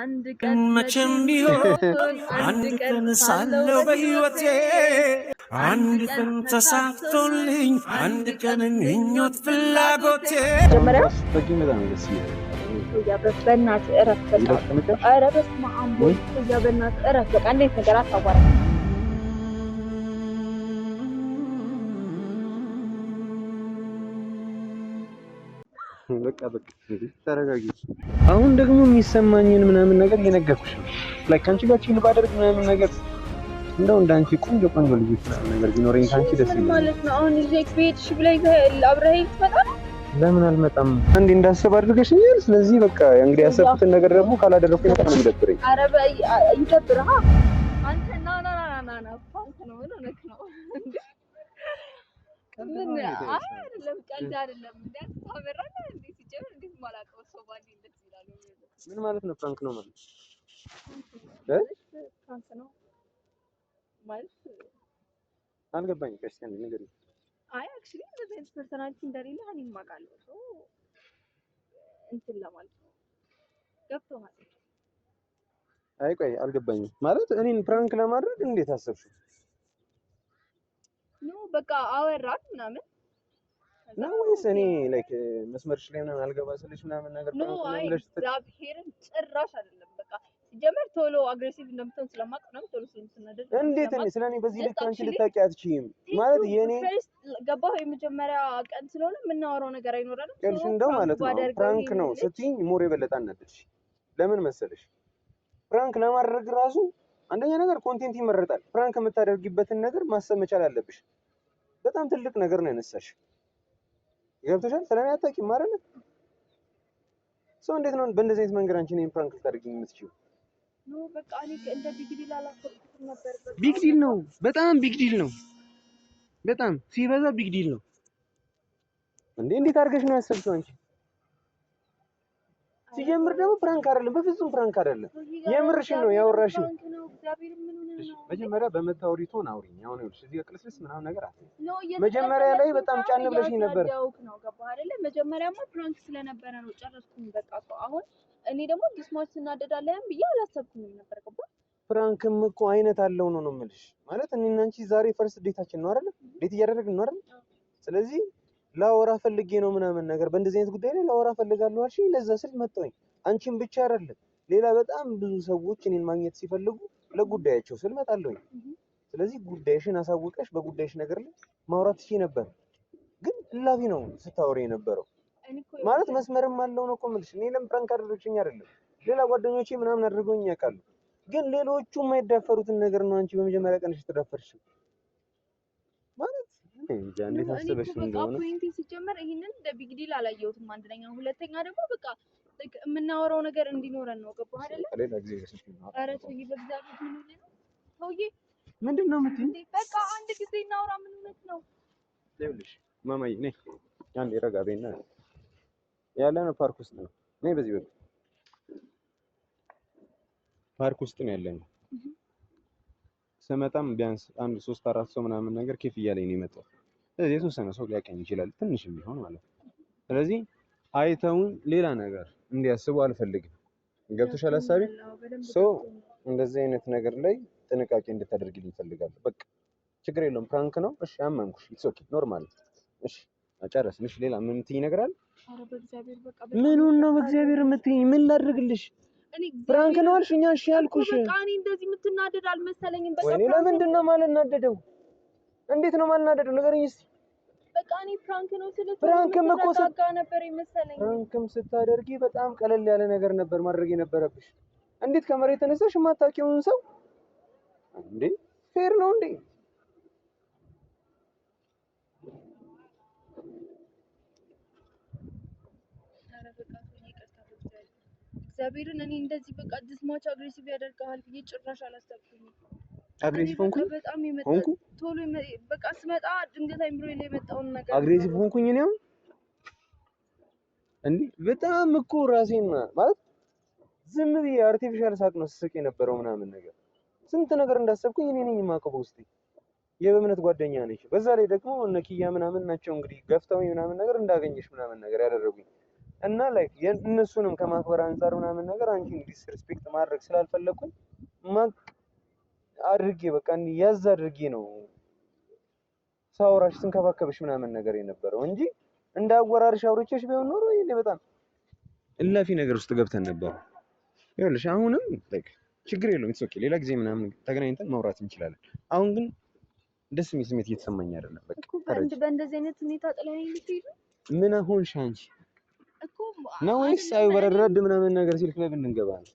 አንድ ቀን መቼም ቢሆን አንድ ቀን ሳለው በሕይወቴ አንድ ቀን ተሳክቶልኝ አንድ ቀን ምኞት ፍላጎቴ መጀመሪያ በእናትህ እረፍ፣ በቃ እንዴት ነገር አታዋራ በቃ በቃ ተረጋጊ። አሁን ደግሞ የሚሰማኝን ምናምን ነገር እየነገርኩሽ ነው። ላይክ ከአንቺ ጋር ቺል ባደርግ ምናምን ነገር እንደው እንዳንቺ ቆንጆ ቆንጆ ልጆች ምናምን ነገር ቢኖረኝ ከአንቺ ደስ ይለኛል ማለት ነው። አሁን እዚህ ኤክስፔክት ሺ ብላይ አብረኸኝ ትመጣለህ? ለምን አልመጣም? አንዴ እንዳስብ አድርገሽኛል። ስለዚህ በቃ እንግዲህ ያሰብኩትን ነገር ደግሞ ካላደረኩ ይመጣ ነው የሚደብረኝ። ኧረ በይ ይደብርሃ አንተ ና ና ና ና ና ፋንክ ነው ነው ነው ምን አይደለም፣ ቀልድ አይደለም እንዳታበራ ነው ምን ማለት ነው? ፍራንክ ነው ማለት እ ፍራንክ ነው ማለት አልገባኝ። ክርስቲያን ነገር አይ አክቹሊ እንደዚህ አይነት ፐርሰናሊቲ እንደሌለ እኔም አውቃለሁ። ሶ እንትን ለማለት ነው ገብቶሃል? አይ ቆይ አልገባኝም። ማለት እኔን ፕራንክ ለማድረግ እንዴት አሰብሽ? ኖ በቃ አወራት ምናምን ነው ወይስ እኔ ላይክ መስመርሽ ላይ ምናምን አልገባ ስልሽ ምናምን ነገር ነው? አይ እግዚአብሔርን ጭራሽ አይደለም። በቃ ሲጀመር ቶሎ አግሬሲቭ እንደምትሆን ስለማውቅ ነው ቶሎ ስለምትናደድ። እንዴት እኔ ስለ እኔ በዚህ ልክ አንቺ ልታውቂ አትችይም ማለት የኔ ገባሁ የመጀመሪያ ቀን ስለሆነ የምናወራው ነገር አይኖረንም። ቅልሽ እንደው ማለት ነው ፍራንክ ነው ስትይኝ ሞር የበለጠ አናደድሽ። ለምን መሰለሽ ፍራንክ ለማድረግ ራሱ አንደኛ ነገር ኮንቴንት ይመረጣል። ፍራንክ የምታደርጊበትን ነገር ማሰብ መቻል አለብሽ። በጣም ትልቅ ነገር ነው ያነሳሽ ገብቶሻል። ስለኔ አታውቂም አይደል? ሰው እንዴት ነው በእንደዚህ አይነት መንገድ አንቺ እኔን ፕራንክ ልታደርጊኝ የምትችይው? ቢግ ዲል ነው፣ በጣም ቢግ ዲል ነው፣ በጣም ሲበዛ ቢግ ዲል ነው። እንዴ እንዴት አድርገሽ ነው ያሰብሽው አንቺ? ሲጀምር ደግሞ ፕራንክ አይደለም፣ በፍጹም ፕራንክ አይደለም። የምርሽን ነው ያወራሽው። መጀመሪያ በመታወሪቶን አውሪኝ። አሁን ይኸውልሽ እዚህ ቅልስልስ ምናምን ነገር አለ። መጀመሪያ ላይ በጣም ጫን ብለሽኝ ነበር። መጀመሪያማ ፕራንክ ስለነበረ ነው ጨረስኩኝ። በቃ አሁን እኔ ደግሞ ዲስማች ስናደዳለን ብዬ አላሰብኩኝም ነበር። ገባህ? ፕራንክም እኮ አይነት አለው ነው ነው የምልሽ። ማለት እኔና አንቺ ዛሬ ፈርስት ዴታችን ነው አይደል? ዴት እያደረግን ነው አይደል? ስለዚህ ላወራ ፈልጌ ነው ምናምን ነገር በእንደዚህ አይነት ጉዳይ ላይ ላወራ ፈልጋለሁ አልሽ። ለዛ ስል መጣሁኝ። አንቺን ብቻ አይደለም ሌላ በጣም ብዙ ሰዎች እኔን ማግኘት ሲፈልጉ ለጉዳያቸው ስል መጣለሁኝ። ስለዚህ ጉዳይሽን አሳውቀሽ በጉዳይሽ ነገር ላይ ማውራት ትችይ ነበር፣ ግን እላፊ ነው ስታወሪ የነበረው ማለት መስመርም አለው ነው እኮ የምልሽ። እኔንም ፕራንክ አደረግሽኝ አይደለም ሌላ ጓደኞቼ ምናምን አድርገውኝ ያውቃሉ፣ ግን ሌሎቹ የማይዳፈሩትን ነገር ነው አንቺ በመጀመሪያ ቀንሽ የተዳፈርሽው። እንዴት አስበሽ እንደሆነ ሲጀመር ይሄንን እንደ ቢግ ዲል አላየሁትም። አንደኛ፣ ሁለተኛ ደግሞ በቃ የምናወራው ነገር እንዲኖረን ነው። ገባህ አይደለ? ነው ነው ፓርክ ውስጥ ነው። ነይ በዚህ በኩል ፓርክ ውስጥ ነው ስመጣም ቢያንስ አንድ ሶስት አራት ሰው ምናምን ነገር ኬፍ እያለኝ ነው የመጣው ስለዚህ የተወሰነ ሰው ሊያቀኝ ይችላል፣ ትንሽም ቢሆን ማለት ነው። ስለዚህ አይተውን ሌላ ነገር እንዲያስቡ አልፈልግም። ገብቶሻል ሀሳቤ? ሶ እንደዚህ አይነት ነገር ላይ ጥንቃቄ እንድታደርግልኝ እፈልጋለሁ። በቃ ችግር የለውም ፕራንክ ነው። እሺ አመንኩሽ። ኢትስ ኦኬ ኖርማል። እሺ አጨረስን። እሺ ሌላ ምን ትይ ነገር አለ? ምኑን ነው በእግዚአብሔር የምትይኝ? ምን ላድርግልሽ? ፕራንክ ነው አልሽ፣ እኛ እሺ አልኩሽ። በቃ እኔ እንደዚህ የምትናደድ አልመሰለኝም። በቃ ለምንድን ነው የማልናደደው? እንዴት ነው ማናደዱ? ንገረኝ እስኪ። በቃ እኔ ፕራንክ ነው ስልክ ፕራንክም እኮ ስታጋ ነበር የመሰለኝ። ፕራንክም ስታደርጊ በጣም ቀለል ያለ ነገር ነበር ማድረግ የነበረብሽ። እንዴት ከመሬት ተነሳሽ የማታውቂውን ሰው እንዴ? ፌር ነው እንዴ? እግዚአብሔርን እኔ እንደዚህ በቃ ድስማች አግሬሲቭ ያደርግሃል ብዬ ጭራሽ አላሰብኩኝም። አግሬሲቭ ሆንኩኝ ሆንኩ ቶሎ በቃ ስመጣ ድንገት አይምሮዬ ላይ የመጣውን ነገር አግሬሲቭ ሆንኩኝ እኔ አሁን እንዴ በጣም እኮ ራሴን ማለት ዝም ብዬ አርቲፊሻል ሳቅ ነው ስስቅ የነበረው ምናምን ነገር ስንት ነገር እንዳሰብኩኝ እኔ ነኝ የማውቀው በውስጤ የበእምነት ጓደኛ ነች በዛ ላይ ደግሞ እነ ኪያ ምናምን ናቸው እንግዲህ ገፍተው ምናምን ነገር እንዳገኘሽ ምናምን ነገር ያደረጉኝ እና ላይክ እነሱንም ከማክበር አንጻር ምናምን ነገር አንቺ እንግዲህ ሪስፔክት ማድረግ ስላልፈለግኩኝ አድርጌ በቃ ያዝ አድርጌ ነው ሳውራሽ ስንከባከብሽ ምናምን ነገር የነበረው እንጂ እንደ አወራርሽ አውርቼሽ ቢሆን ኖሮ ይሄኔ በጣም እላፊ ነገር ውስጥ ገብተን ነበር። ይኸውልሽ አሁንም ላይክ ችግር የለውም ኢትስ ኦኬ። ሌላ ጊዜ ምናምን ተገናኝተን ማውራት እንችላለን። አሁን ግን ደስ የሚል ስሜት እየተሰማኝ አይደለም። በቃ አንድ በእንደዚህ አይነት ሁኔታ ጥለኸኝ ልትሄድ ምን አሁን አሁንሽ እኮ ነው ወይስ አይ ወረድ ምናምን ነገር ሲልክ ክለብ እንገባለን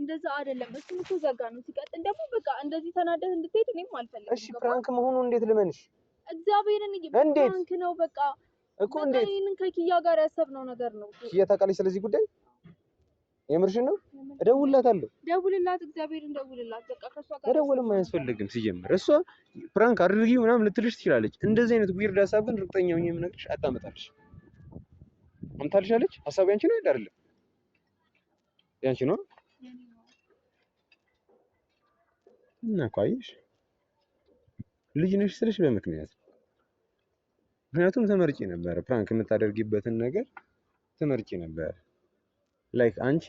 እንደዛ አይደለም። እሱም እኮ ዘጋ ነው። ሲቀጥል ደግሞ በቃ እንደዚህ ተናደህ እንድትሄድ እኔም አልፈልግም። እሺ ፕራንክ መሆኑ እንዴት ልመንሽ? እግዚአብሔርን ፕራንክ ነው በቃ እኮ እንዴት ይሄንን ከኪያ ጋር ያሰብነው ነገር ነው። ኪያ ታውቃለች ስለዚህ ጉዳይ የምርሽን ነው? እደውልላታለሁ። ደውልላት፣ እግዚአብሔር እንደውልላት። በቃ ከሷ ጋር መደወልም አያስፈልግም። ሲጀምር እሷ ፕራንክ አድርጊ ምናምን ልትልሽ ትችላለች። እንደዚህ አይነት ዊርድ ሀሳብ ግን እርግጠኛ ሆኜ የምነግርሽ አታመጣልሽ። አምታልሻለች ሀሳብ ያንቺ ነው አይደል? ያንቺ ነው። እና እኮ አየሽ ልጅ ነሽ ስልሽ በምክንያት ምክንያቱም ተመርጪ ነበር ፕራንክ የምታደርጊበትን ነገር ተመርጪ ነበር ላይክ አንቺ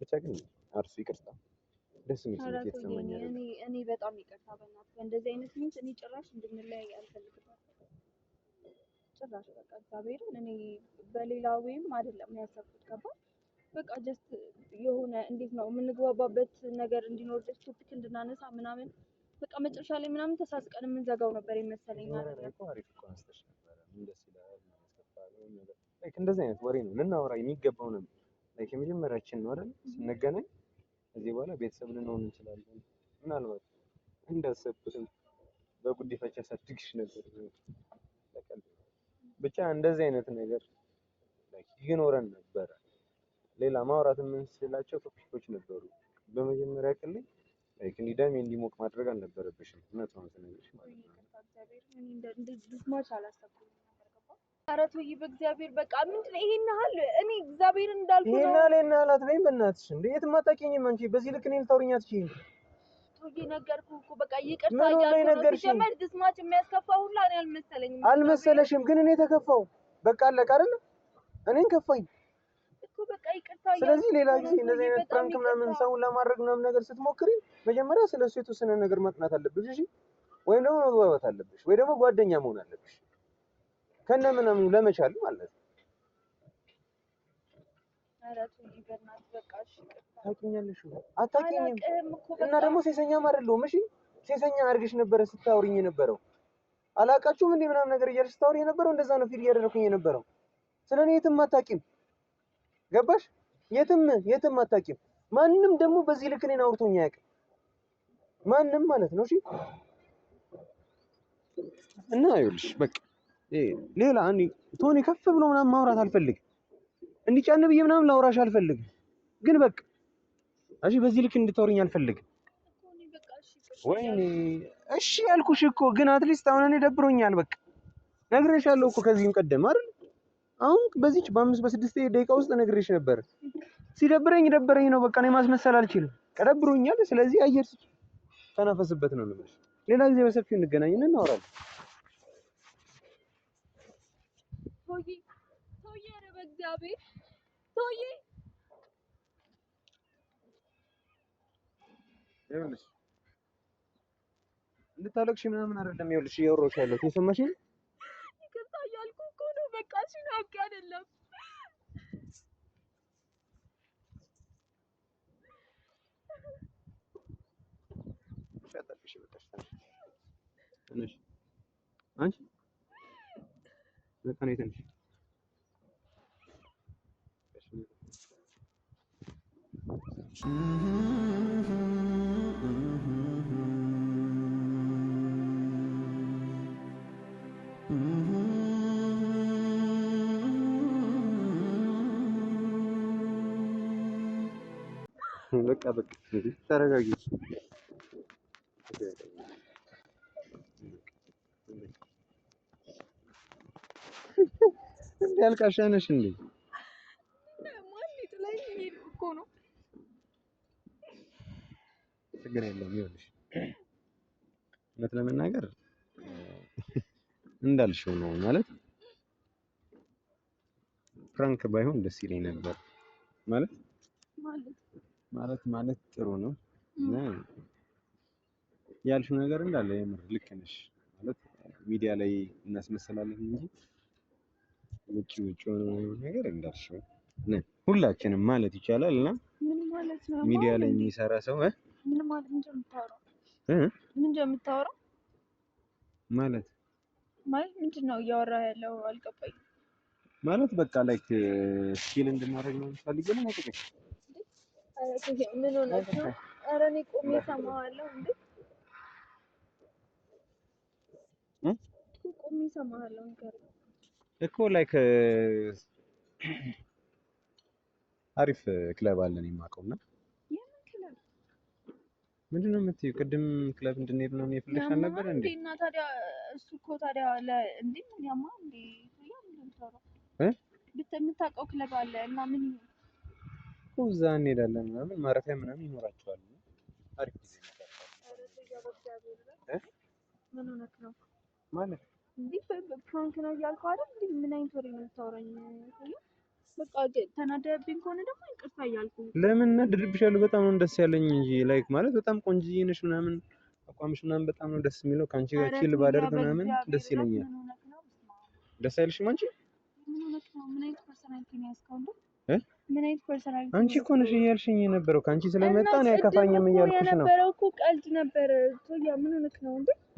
ብቻ ግን አርሱ ይቅርታ ደስ የሚል ስሜት እኔ በጣም ይቅርታ በእናትህ አይነት እኔ ጭራሽ እንድንለያይ አልፈልግም። ጭራሽ በቃ እግዚአብሔርን እኔ በሌላ ወይም አይደለም ያሰብኩት ገባ በቃ ጀስት የሆነ እንዴት ነው የምንግባባበት ነገር እንዲኖር ጀስት ቶፒክ እንድናነሳ ምናምን በቃ መጨረሻ ላይ ምናምን ተሳስቀን የምንዘጋው ነበር ይመስለኝ። እንደዚህ አይነት ወሬ ነው ልናወራ የሚገባው ነው። ላይክ የመጀመሪያችን ነው አይደል? ስንገናኝ ከዚህ በኋላ ቤተሰብ ልንሆን እንችላለን። ምናልባት እንዳሰብኩትም በጉዲፈቻ ሳድግሽ ነበር ብቻ እንደዚህ አይነት ነገር ይኖረን ነበረ። ሌላ ማውራት የምንችላቸው ቶፒኮች ነበሩ። በመጀመሪያ ቀን ላይ ደሜ እንዲሞቅ ማድረግ አልነበረብሽም። እውነት ነው ማለት ነው። ኧረ ተይ በእግዚአብሔር በቃ ምንድን ነው ይሄን ያህል እኔ እግዚአብሔር እንዳልኩ በዚህ ልክ እኮ በቃ ድስማች የሚያስከፋ ሁላ አልመሰለሽም ግን እኔ ተከፋው። በቃ አለቀ አይደለ? እኔን ከፋኝ። ስለዚህ ሌላ ጊዜ እንደዚህ አይነት ፕራንክ ምናምን ሰው ለማድረግ ምናምን ነገር ስትሞክሪ መጀመሪያ ስለ እሱ የተወሰነ ነገር ማጥናት አለብሽ፣ እሺ? ወይም ደግሞ መግባባት አለብሽ፣ ወይ ደግሞ ጓደኛ መሆን አለብሽ ከነ ምናምኑ ለመቻል ማለት ነው። ታውቂኛለሽ አታውቂኝም? እና ደግሞ ሴሰኛም አይደለሁም። እሺ ሴሰኛ አድርገሽ ነበረ ስታወሪኝ የነበረው አላቃችሁም እንዴ ምናምን ነገር እያልሽ ስታወሪ የነበረው እንደዛ ነው ፊል እያደረኩኝ የነበረው ስለኔ የትም አታውቂም። ገባሽ? የትም የትም አታውቂም። ማንም ደግሞ በዚህ ልክ እኔን አውርቶኝ አያውቅም። ማንም ማለት ነው። እሺ እና ይኸውልሽ በቃ ሌላ እኔ ቶኒ ከፍ ብሎ ምናምን ማውራት አልፈልግም። እንዲጫን ብዬ ምናምን ላውራሽ አልፈልግም። ግን በቃ እሺ፣ በዚህ ልክ እንድታወሪኝ አልፈልግም። ወይኔ እሺ ያልኩሽ እኮ ግን አትሊስት አሁን እኔ ደብሮኛል። በቃ ነግሬሻለሁ እኮ ከዚህም ቀደም አይደል አሁን በዚች በአምስት በስድስት ደቂቃ ውስጥ ነግሬሽ ነበር። ሲደብረኝ ደብረኝ ነው በቃ እኔ ማስመሰል አልችልም። ቀደብሮኛል። ስለዚህ አየር ተናፈስበት ነው የምልሽ። ሌላ ጊዜ በሰፊው እንገናኝና እናወራለን። እንድታለቅሽ ምናምን አይደለም። ይኸውልሽ እያወራሁሽ ያለሁት የሰማሽኝ not good enough. Feather you finish? mm-hmm, mm-hmm. mm-hmm. በቃ በቃ ተረጋጊ። እንዴ አልቃሻ ነሽ እንዴ? ችግር የለም። ይኸውልሽ እውነት ለመናገር እንዳልሽው ነው ማለት ፍራንክ ባይሆን ደስ ይለኝ ነበር ማለት ማለት ማለት ጥሩ ነው እና ያልሽው ነገር እንዳለ የምር ልክ ነሽ። ማለት ሚዲያ ላይ እናስመስላለን እንጂ ውጭ ውጭ ነገር እንዳልሽው ሁላችንም ማለት ይቻላል እና ሚዲያ ላይ የሚሰራ ሰው ምን ማለት ምንድን ነው የምታወራው? ማለት ማለት ምንድን ነው እያወራ ያለው አልገባኝም። ማለት በቃ ላይክ ስኪል እንድናደርግ ነው የምትፈልጊው ነው ምን ሆናችሁ? ኧረ እኔ ቆሜ እንዴ! ቆሜ እኮ ላይክ አሪፍ ክለብ አለን የማውቀው እና ምንድን ነው የምትይው? ቅድም ክለብ እንድንሄድ ነው የፈለግሽ አልነበረ እንዴ? እና ታዲያ እሱ እኮ ታዲያ እንዴ ያማ እንዴ ብታውቀው ክለብ አለ እና ምን እዛ እንሄዳለን ምናምን ማረፊያ ምናምን ይኖራቸዋል። አሪፍ ጊዜ ፕራንክ ነው እያልከው አይደል? ምን አይነት ወሬ ነው የምታወራኝ? ተናደብኝ ከሆነ ደግሞ ይቅርታ እያልኩ ለምን በጣም ነው ደስ ያለኝ እንጂ ላይክ ማለት በጣም ቆንጆዬ ነሽ ምናምን አቋምሽ ምናምን በጣም ነው ደስ የሚለው። ከአንቺ ጋር ቺል ባደርግ ምናምን ደስ ይለኛል። ደስ አይልሽም አንቺ? ምን ነው? ምን አይነት ፐርሰናሊቲ ነው አንቺ እኮ ነሽ እያልሽኝ የነበረው ከአንቺ ስለመጣ ነው ያከፋኝም እያልኩሽ ነው። ቀልድ ነበር።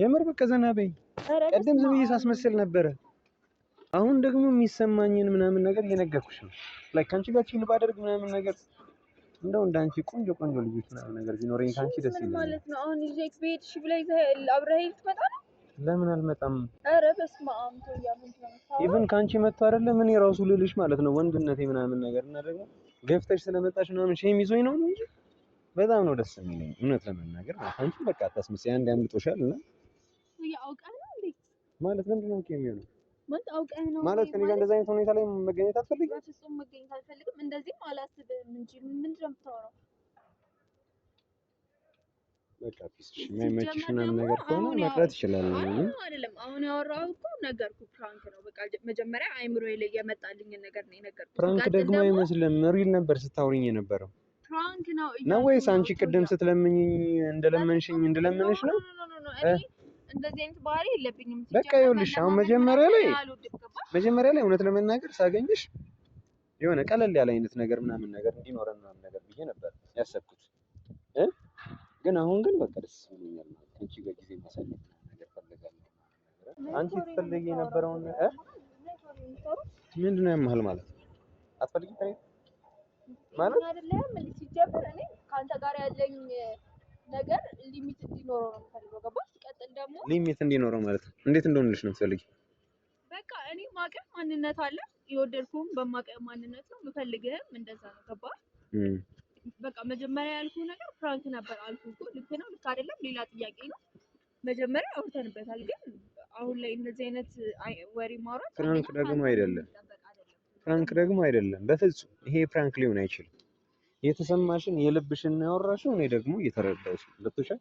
የምር በቃ ዘና በይ። ቀደም ዝም ብዬ ሳስመስል ነበረ። አሁን ደግሞ የሚሰማኝን ምናምን ነገር እየነገርኩሽ ነው። ላይ ከአንቺ ጋር ቺል ባደርግ ምናምን ነገር እንደው እንደ አንቺ ቆንጆ ቆንጆ ልጆች ምናምን ነገር ቢኖረኝ ከአንቺ ደስ ይለኛል ማለት ነው። አሁን ይዤ ቤት ብለህ አብረኸኝ ትመጣ ነው ለምን አልመጣም? አረ በስመ አብ ኢቭን ካንቺ መጥቶ አይደለ ምን የራሱ ልልሽ ማለት ነው ወንድነቴ ምናምን ነገር እና ደግሞ ገፍተሽ ስለመጣሽ ምናምን ሼም ይዞኝ ነው እንጂ በጣም ነው ደስ የሚለኝ እውነት ለመናገር አንቺ በቃ አታስመስይ። አንድ አምልጦሻል እና ማለት ምንድን ነው የሚሆነው ማለት ከኔ ጋር እንደዚህ አይነት ሁኔታ ላይ መገኘት አትፈልግም። መገኘት አልፈልግም። እንደዚህም አላስብም እንጂ ምንድን ነው የምታወራው በቃ የማይመችሽ ነገር ከሆነ መቅረት ይችላል። አይደለም አሁን ያወራው እኮ ነገርኩህ፣ ፕራንክ ነው በቃ። መጀመሪያ አይምሮ ላይ የመጣልኝን ነገር ነው የነገርኩህ። ፕራንክ ደግሞ አይመስልም፣ ሪል ነበር ስታውሪኝ የነበረው። ፕራንክ ነው ነው ወይስ አንቺ ቅድም ስትለምኝኝ እንደለመንሽኝ እንደለመንሽ ነው? እንደዚህ አይነት ባህሪ የለብኝም። በቃ ይኸውልሽ፣ አሁን መጀመሪያ ላይ መጀመሪያ ላይ እውነት ለመናገር ሳገኝሽ የሆነ ቀለል ያለ አይነት ነገር ምናምን ነገር እንዲኖረን ምናምን ነገር ብዬ ነበር ያሰብኩት። ግን አሁን ግን በቃ ደስ ብሎኛል። ማለት አንቺ ጋር ጊዜ ማሳለፍ ነገር ፈልጋለሁ። አንቺ ትፈልጊ የነበረውን ምንድን ነው ያመሃል ማለት ነው። አትፈልጊ ማለት አይደለም። እንደ ሲጀምር እኔ ከአንተ ጋር ያለኝ ነገር ሊሚት እንዲኖረው ነው የምፈልገው። ገባሽ? ሲቀጥል ደግሞ ሊሚት እንዲኖረው ማለት ነው። እንዴት እንደሆነልሽ ነው የምትፈልጊው? በቃ እኔ ማቀፍ ማንነት አለ የወደድኩም በማቀፍ ማንነት ነው የምፈልግህም እንደዛ ነው። ገባሽ? በቃ መጀመሪያ ያልኩህ ነገር ፕራንክ ነበር አልኩህ እኮ ልክ ነው ልክ አይደለም ሌላ ጥያቄ ነው። መጀመሪያ አውርተንበታል፣ ግን አሁን ላይ እንደዚህ አይነት ወሬ ማውራት ፕራንክ ደግሞ አይደለም ፕራንክ ደግሞ አይደለም በፍጹም ይሄ ፕራንክ ሊሆን አይችልም። የተሰማሽን የልብሽን ነው ያወራሽው፣ እኔ ደግሞ እየተረዳሽ ገብቶሻል።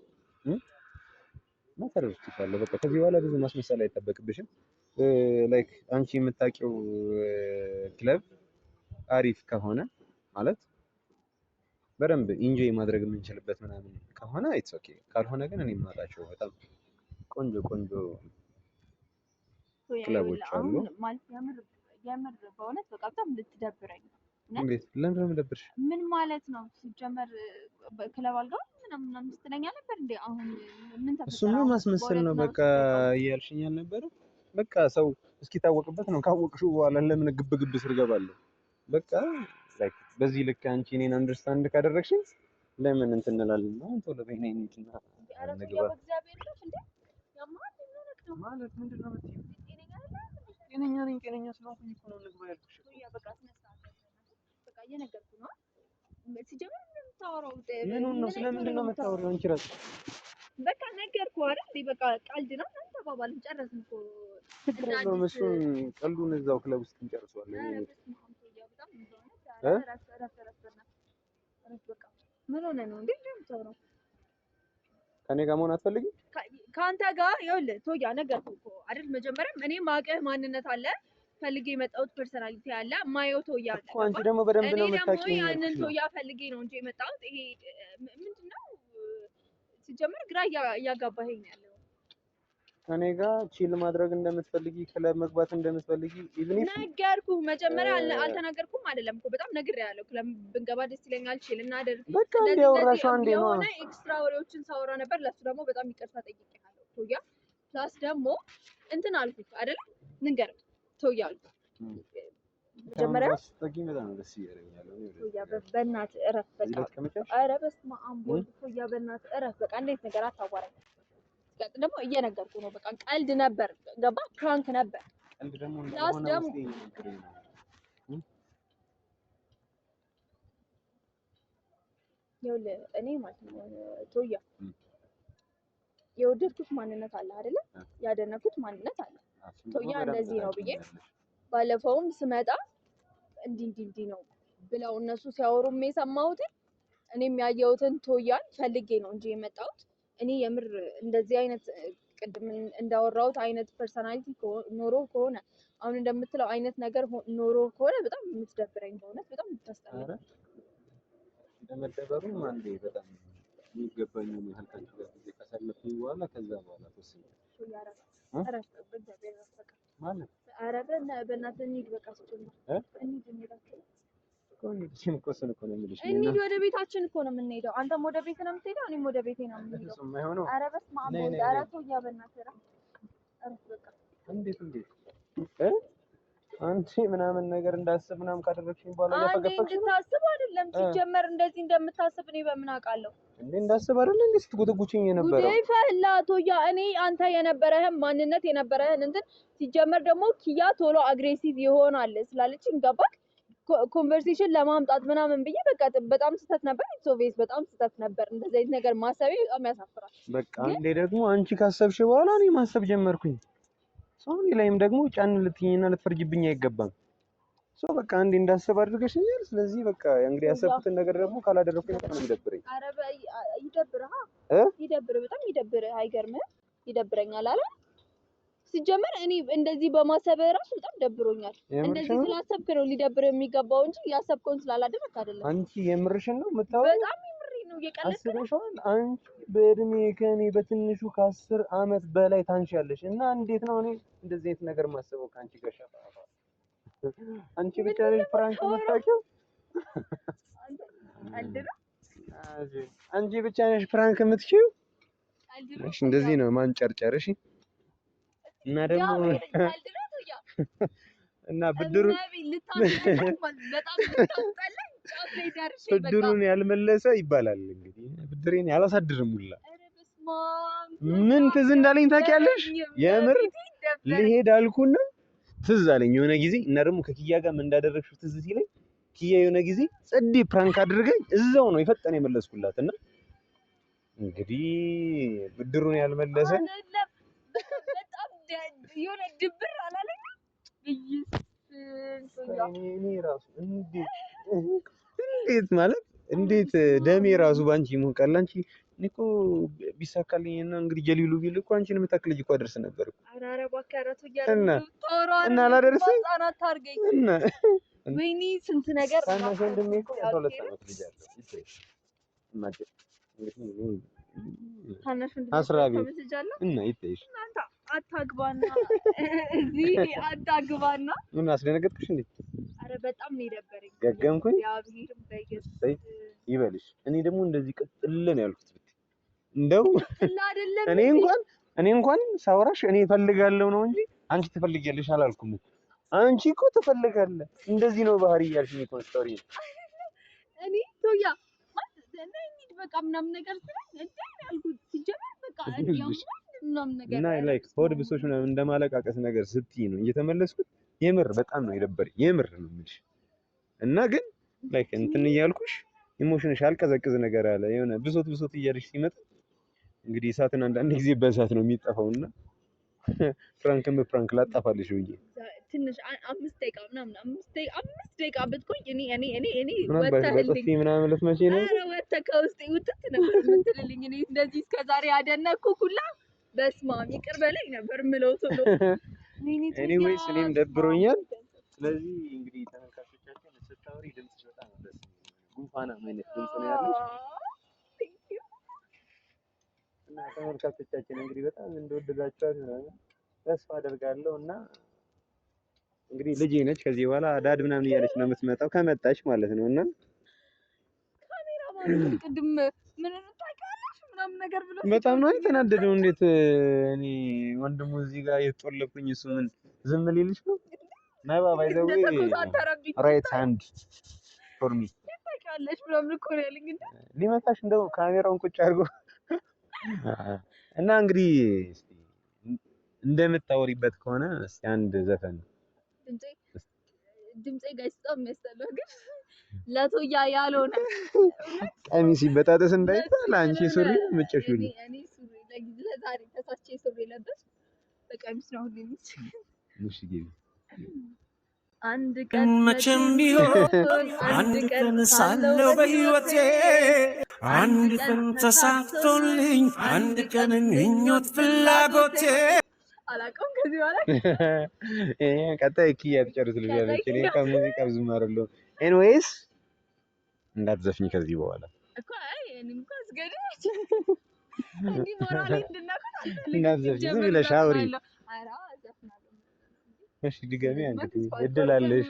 ማተረፍቻለሁ በቃ ከዚህ በኋላ ብዙ ማስመሰል አይጠበቅብሽም። ላይክ አንቺ የምታውቂው ክለብ አሪፍ ከሆነ ማለት በደንብ ኢንጆይ ማድረግ የምንችልበት ምናምን ከሆነ ኢትስ ኦኬ። ካልሆነ ግን እኔ የማውቃቸው በጣም ቆንጆ ቆንጆ ክለቦች አሉ። የምር በእውነት በቃ በጣም ልትደብረኝ እንዴት? ለምን የምደብርሽ? ምን ማለት ነው? ሲጀመር ክለብ አልገባ ምናምን ስትለኝ አልነበር እንዴ? አሁን ምን ተፈጠረ? እሱማ ማስመሰል ነው በቃ እያልሽኝ አልነበረ? በቃ ሰው እስኪታወቅበት ነው። ካወቅሽው በኋላ ለምን ግብ ስር ገባለሁ? በቃ በዚህ ልክ አንቺ እኔን አንደርስታንድ ካደረግሽኝ ለምን እንትን እንላለን ነው ቶሎ በይና እንትና ንግባ ማለት ምንድን ነው የምትይው? ጤነኛ ነኝ ጤነኛ ስለሆንኩኝ እኮ ነው ንግባ ያልኩሽ። ምኑን ነው ስለምንድን ነው የምታወሪው አንቺ እራሱ? በቃ ነገርኩህ አይደል? በቃ ቀልድ ነው ተባባልን፣ ጨረስን እኮ ችግር የለውም። እሱን ቀልዱን እዛው ክለብ ውስጥ እንጨርሰዋለን። ከኔ ጋር መሆን አትፈልጊ? ከአንተ ጋር ይኸውልህ፣ ቶያ ነገር እኮ አይደል? መጀመሪያም እኔ ማውቅህ ማንነት አለ ፈልጌ የመጣሁት ፐርሰናሊቲ አለ ማየው ቶያ አለ። አንቺ ደግሞ በደንብ ነው የምታውቂው። ያንን ቶያ ፈልጌ ነው እንጂ የመጣሁት ይሄ ምንድን ነው ሲጀመር ግራ እያጋባኸኝ ያለ እኔ ጋር ቺል ማድረግ እንደምትፈልጊ ክለብ መግባት እንደምትፈልጊ ኢቭኒ ነገርኩ። መጀመሪያ አልተናገርኩም አይደለም እኮ በጣም ነግሬሃለሁ። ክለብ ብንገባ ደስ ይለኛል፣ ቺል እናደርግ በቃ እንዲያወራሽው እንዴ ነው የሆነ ኤክስትራ ወሬዎችን ሳወራ ነበር። ለሱ ደግሞ በጣም ይቅርታ ጠይቄሃለሁ ቶያ። ፕላስ ደግሞ እንትን አልኩት አይደለም ንገር ቶያ አልኩት መጀመሪያ ስጠጊኝ በጣም በእናትህ እረፍ በቃ። ኧረ በስመ አብ ቶያ በእናትህ እረፍ በቃ። እንዴት ነገር አታዋራኝ ደግሞ እየነገርኩ ነው። በቃ ቀልድ ነበር፣ ገባ ፕራንክ ነበር። ፕላስ ደግሞ ይኸውልህ እኔ ማለት ነው ቶያ የወደድኩት ማንነት አለ አይደለ? ያደነኩት ማንነት አለ። ቶያ እንደዚህ ነው ብዬ ባለፈውም ስመጣ እንዲህ እንዲህ እንዲህ ነው ብለው እነሱ ሲያወሩም የሰማሁትን እኔም ያየሁትን ቶያን ፈልጌ ነው እንጂ የመጣሁት እኔ የምር እንደዚህ አይነት ቅድም እንዳወራሁት አይነት ፐርሰናሊቲ ኖሮ ከሆነ አሁን እንደምትለው አይነት ነገር ኖሮ ከሆነ በጣም የምትደብረኝ በእውነት በጣም የምታስጠላኝ። ለመደበሩ አንዴ በጣም የሚገባኝ ያህል ጋር ጊዜ ካሳለፍኩኝ በኋላ ከዛ በኋላ ማለት በእናትህ እንሂድ በቃ እንሂድ ወደ ቤታችን እኮ ነው የምንሄደው። አንተም ወደ ቤት ነው የምትሄደው፣ እኔም ወደ ቤቴ ነው የምንሄደው። አንቺ ምናምን ነገር እንዳስብ ምናምን ካደረግሽኝ በኋላ እንድታስብ አይደለም። ሲጀመር እንደዚህ እንደምታስብ እኔ በምን አውቃለሁ? እንዴ እንዳስብ አይደለም እንዴ ስትጎተጉችኝ የነበረው ጉዴ ፈላ ቶያ። እኔ አንተ የነበረህን ማንነት የነበረህን እንትን ሲጀመር ደግሞ ኪያ ቶሎ አግሬሲቭ ይሆናል ስላለችኝ ገባክ ኮንቨርሴሽን ለማምጣት ምናምን ብዬ በቃ በጣም ስህተት ነበር። ኢትሶቬስ በጣም ስህተት ነበር። እንደዚህ አይነት ነገር ማሰቤ በጣም ያሳፍራል። በቃ እንዴ ደግሞ አንቺ ካሰብሽ በኋላ እኔ ማሰብ ጀመርኩኝ። ሰው ላይም ደግሞ ጫን ልትኝና ልትፈርጅብኝ አይገባም። ሶ በቃ አንዴ እንዳሰብ አድርገሽኛል። ስለዚህ በቃ እንግዲህ ያሰብኩትን ነገር ደግሞ ካላደረኩኝ በጣም ነው የሚደብረኝ። ኧረ ይደብርህ፣ ይደብርህ፣ በጣም ይደብርህ። አይገርምህም? ይደብረኛል አላል ሲጀመር እኔ እንደዚህ በማሰብ ራሱ በጣም ደብሮኛል። እንደዚህ ስላሰብክ ነው ሊደብር የሚገባው እንጂ ያሰብከውን ስላላደረክ አይደለም። አንቺ የምርሽን ነው የምታወራው? በጣም የምሬ ነው። አስበሽዋል። አንቺ በእድሜ ከእኔ በትንሹ ከአስር አመት በላይ ታንሻለሽ እና እንዴት ነው እኔ እንደዚህ አይነት ነገር ማሰበው ከአንቺ ጋር አንቺ ብቻ ነሽ ፍራንክ የምታውቂው አንቺ ብቻ ነሽ ፍራንክ የምትችይው። እንደዚህ ነው ማንጨርጨር። እሺ እና ደግሞ እና ብድሩን ብድሩን ያልመለሰ ይባላል እንግዲህ ብድሬን ያላሳድርም ሁላ ምን ትዝ እንዳለኝ ታውቂያለሽ? የምር ልሄድ አልኩና ትዝ አለኝ የሆነ ጊዜ እና ደግሞ ከኪያ ጋር ምን እንዳደረግሽው ትዝ ሲለኝ ኪያ የሆነ ጊዜ ጽዴ ፕራንክ አድርገኝ እዛው ነው የፈጠነ የመለስኩላት እና እንግዲህ ብድሩን ያልመለሰ የሆነ ድብር አላለኝ። እንዴት ማለት እንዴት ደሜ ራሱ ባንቺ ይሞን አንቺ እኮ ቢሳካልኝ እና እንግዲህ ጀሊሉ ቢል እኮ አንቺን የምታክል ልጅ እኮ አደርስ ነበር እኮ እና እና እና ወይኔ ስንት ነገር ታናሽ ወንድሜ እኮ የአስራ ሁለት ዓመት ልጅ አለ እና ይታይሽ አታግባና እዚህ አታግባና። ምን አስደነገጥኩሽ እንዴ? አረ በጣም ነው የደበረኝ። ገገምኩኝ። ያብሂርም ይበልሽ። እኔ ደግሞ እንደዚህ ቅጥል ነው ያልኩት። እንደው እኔ እንኳን እኔ እንኳን ሳውራሽ እኔ እፈልጋለሁ ነው እንጂ አንቺ ትፈልጊያለሽ አላልኩም። አንቺ እኮ ትፈልጋለህ እንደዚህ ነው ባህሪ እያልሽ ነው ኮንስቶሪ እኔ ቶያ ማለት በቃ ምናምን ነገር ስለኝ እንዴ ያልኩት ሲጀመር በቃ እንዲያውም እና ላይክ ሆድ ብሶች ምናምን እንደማለቃቀስ ነገር ስትይ ነው እየተመለስኩት። የምር በጣም ነው የደበረኝ፣ የምር ነው የምልሽ። እና ግን ላይክ እንትን እያልኩሽ ኢሞሽንሽ አልቀዘቅዝ ነገር አለ የሆነ ብሶት ብሶት እያልሽ ሲመጣ እንግዲህ እሳትን አንዳንድ ጊዜ በእሳት ነው የሚጠፋው እና ፍራንክን በፍራንክ ላጣፋልሽ ብዬ ትንሽ አምስት ደቂቃ ምናምን አምስት ደቂቃ አምስት ደቂቃ ብትቆይ እኔ እኔ እኔ እኔ ወጣህልኝ ምናምን ልትመጪ ነው። ኧረ ወጣህ ከውስጤ ውጥት ነበር የምትልልኝ። እኔ እንደዚህ እስከ ዛሬ ሁላ በስመ አብ ይቅር በለኝ ነበር ምለው ቶሎ። ኤኒዌይስ እኔም ደብሮኛል። ስለዚህ እንግዲህ ተመልካቾቻችን ስታወሪ ድምጽ በጣም ደስ ጉንፋና አይነት ድምጽ ነው ያለው እና ተመልካቾቻችን እንግዲህ በጣም እንደወደዳችኋት ተስፋ አደርጋለሁ እና እንግዲህ ልጄ ነች። ከዚህ በኋላ ዳድ ምናምን እያለች ነው የምትመጣው ከመጣች ማለት ነው እና በጣም ነው የተናደደው። እንዴት እኔ ወንድሙ እዚህ ጋር የተጦለኩኝ እሱ ምን ዝም ሊልሽ ነው? ነባ ባይ ዘ ዌይ ራይት ሃንድ ፎር ሚ ሊመታሽ እንደው ካሜራውን ቁጭ አድርጎ እና እንግዲህ እንደምታወሪበት ከሆነ እስቲ አንድ ዘፈን ድምጼ ጋር ስጣው የሚያስጠላው ግን ለቶያ ያልሆነ ቀሚስ ይበጣጠስ እንዳይባል አንቺ ሱሪ ምጭሽ ነው። እኔ ሱሪ ለጊዜ ዛሬ ተሳቼ ሱሪ ለበስ በቀሚስ ነው ሁሉ አንድ ቀን መቼም ቢሆን አንድ ቀን ሳለው በህይወቴ አንድ ቀን ተሳክቶልኝ አንድ ቀን ምኞት ፍላጎቴ አላውቀውም። ከዚህ በኋላ ቀጣይ ኪያ ትጨርስ ልጅ ያለች ከሙዚቃ ብዙ ማረለው ኤንዌይስ እንዳትዘፍኝ ከዚህ በኋላ እንዳትዘፍኝ ብለሽ አውሪ። እሺ ድገሚ። አንቺ እድል አለሽ።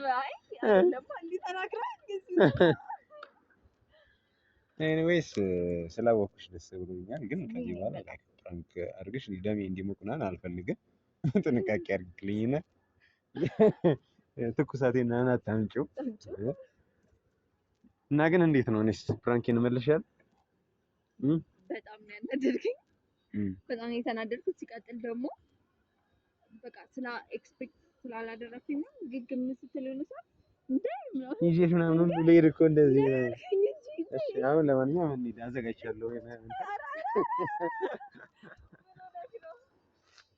ኤኒዌይስ ስላወኩሽ ደስ ብሎኛል፣ ግን ከዚህ በኋላ ፕራንክ አድርግሽ ደሜ እንዲሞቅ ምናምን አልፈልግም። ጥንቃቄ አድርግልኝና ትኩሳቴን እና አታምጪው እና ግን እንዴት ነው? እኔስ ፍራንኪን መልሻል። በጣም ነው ያናደድከኝ፣ በጣም ነው የተናደድኩት። ሲቀጥል ደግሞ በቃ ስላ ኤክስፔክት ስላላደረኩኝ ነው ግግም ስትል ይሉታል እንዴ ይዤሽ ምናምን ሁሉ ልሄድ እኮ እንደዚህ ነው። እሺ አሁን ለማንኛውም እንሂድ፣ አዘጋጅቻለሁ።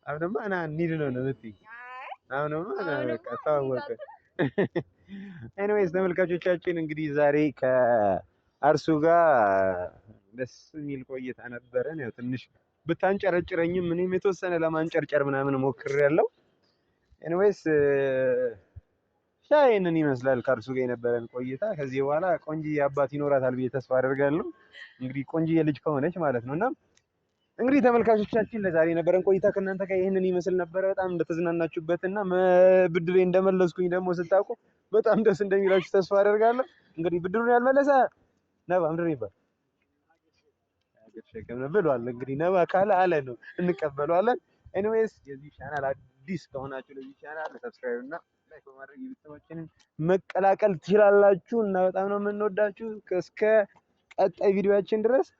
አሁን ደግሞ እና እንሂድ ነው ነው የምትይኝ አሁንማ በቃ ተዋወቀ። ኤኒዌይስ ተመልካቾቻችን እንግዲህ ዛሬ ከአርሱ ጋር ደስ የሚል ቆይታ ነበረን። ያው ትንሽ ብታንጨረጭረኝም እኔም የተወሰነ ለማንጨርጨር ምናምን ሞክሬያለሁ። ኤኒዌይስ ይህንን ይመስላል ከአርሱ ጋር የነበረን ቆይታ። ከዚህ በኋላ ቆንጅዬ አባት ይኖራታል ብዬ ተስፋ አደርጋለሁ። እንግዲህ ቆንጅዬ ልጅ ከሆነች ማለት ነው እና እንግዲህ ተመልካቾቻችን ለዛሬ የነበረን ቆይታ ከእናንተ ጋር ይህንን ይመስል ነበረ። በጣም እንደተዝናናችሁበት እና ብድሬ እንደመለስኩኝ ደግሞ ስታውቁ በጣም ደስ እንደሚላችሁ ተስፋ አደርጋለሁ። እንግዲህ ብድሩን ያልመለሰ ነባ ምድር ይባል ብሏል። እንግዲህ ነባ ካለ አለ ነው እንቀበለዋለን። ኤኒዌይስ የዚህ ቻናል አዲስ ከሆናችሁ ለዚህ ቻናል ሰብስክራይብ እና ላይክ በማድረግ የቤተሰባችንን መቀላቀል ትችላላችሁ እና በጣም ነው የምንወዳችሁ እስከ ቀጣይ ቪዲዮያችን ድረስ